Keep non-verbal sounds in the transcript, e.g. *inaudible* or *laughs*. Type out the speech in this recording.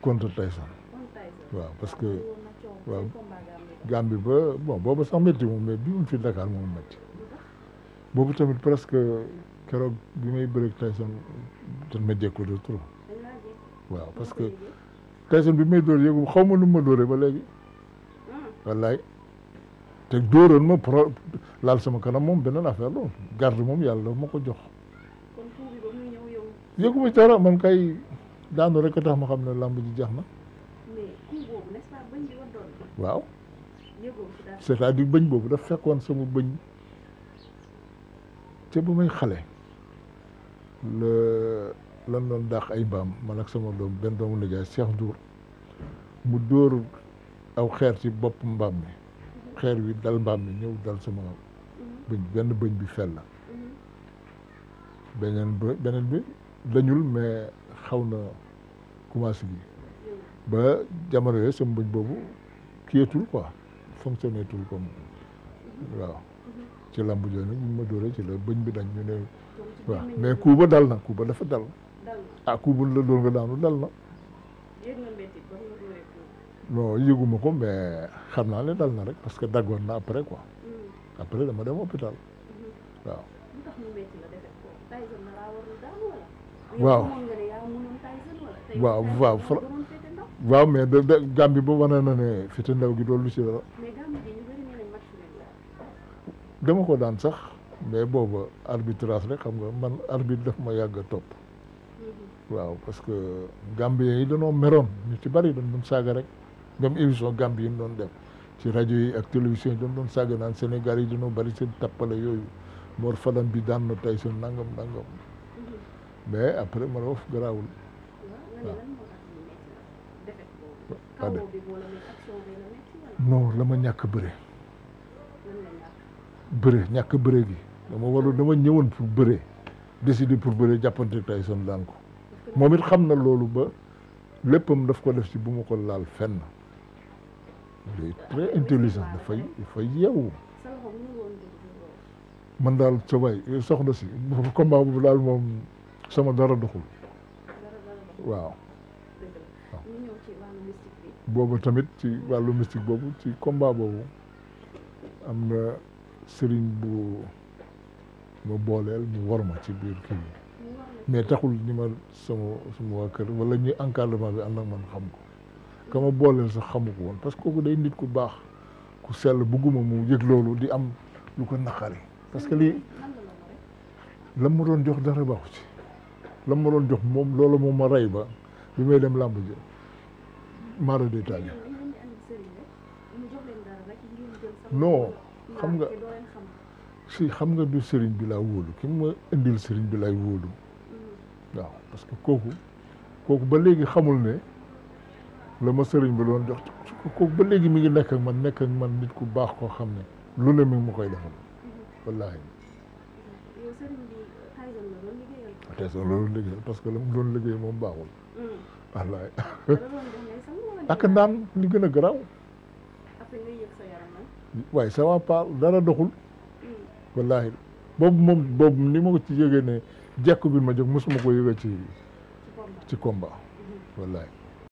contre Tyson waaw parce que waaw bi ba bon boobu sax métti moom mais bi mu fi Dakar moom métti boobu tamit presque keroog bi may bëreeg Tyson dañ ma jékku de waaw parce que Tyson bi may dóor yëgu xaw ma nu ma dóoree ba léegi hmm. wallaay te dóoroon ma pro laal sama kanam moom beneen affaire la garde moom yàlla ma ko jox yëgu ma dara man kay daanu rek a tax ma xam ne làmb ji jeex na. mais coup boobu waaw. c'est-à-dire bëñ boobu daf fekkoon sama bëñ ca bu may xale le lan doon daax ay mbaam man ak sama doom benn doomu nijaay Cheikh Dour mu dóor aw xeer ci bopp mbaam mi mhm. xeer wi dal mbaam mi ñëw dal sama mhm. bëñ benn bëñ bi fel la mhm. beneen beneen bi dañul mais xaw na commencé bi ba jamono yooyu sama bëñ boobu kiyatul ko fonctionné ko comme waaw mhm. ci lamb jooju nag ñu ci la bëñ bi dañ ñu ne mais kuuba dal na kuuba dafa dal ah kuuba la doon nga daanu dal na non yëguma ko mais xam naa ne dal na rek parce que daggoon na après ko mm. après dama dem hôpital mhm. waaw waaw waaw waaw waaw mais de de Gambie ba wane na ne fiti ndaw gi loolu si la dama ko daan sax mais booba arbitrage rek xam nga man arbitre daf ma yàgg a topp mhm. waaw parce que Gambien yi dañoo meroon ñu ci bari dañ doon saaga rek eh. même émission Gambie yi doon def ci rajo yi ak télévision yi dañ doon saaga naan Sénégal yi dañoo bari seen tappale yooyu Mor Fadam bi daan na Tyson nangam nangam mais après ma ne foofu garaawul waaw waaw de non la ma ñàkk bëre bëre ñàkk bëre gi dama waroon dama ñëwoon pour bëre décidé pour bëre jàppante Tyson daan ko moom it xam na loolu ba léppam daf ko def ci bu ma ko fenn il est très intelligent dafay dafay yeewu man daal sa waay eh, soxna si combat boobu daal moom sama dara doxul waaw boobu tamit ci wàllu mystique boobu ci combat boobu am na sëriñ bu ma booleel mu war ma ci biir kii mais taxul ni ma sama sama waa kër wala ñuy encadrement bi ànd ak man xam ko ka ma booleel sax xamu ko woon parce que kooku day nit ku baax ku sell bugguma mu yëg loolu di am lu ko naqari parce que lii lam ma doon jox dara baaxu ci la ma doon jox moom loolu moom ma rey ba bi may dem làmb ji mara détail non xam nga si xam nga du sëriñ bi laa wóolu ki ma indil sëriñ bi laay wóolu waaw parce que kooku kooku ba léegi xamul ne la ma sëriñ bi doon jox kooku ba léegi mi ngi nekk man nekk man nit ku baax koo xam ne lu ne mu ma koy defal wallaahi Tyson ah, loolu liggéeyal parce que la mu doon liggéey moom baaxul mm. wallaay *laughs* ak li gën a garaaw waaye ça va pas dara doxul mm. wallaahi boobu moom boobu ni ma ci yëgee ne jekku bi ma jóg mosuma ko yëgee ci ci combat mm-hmm.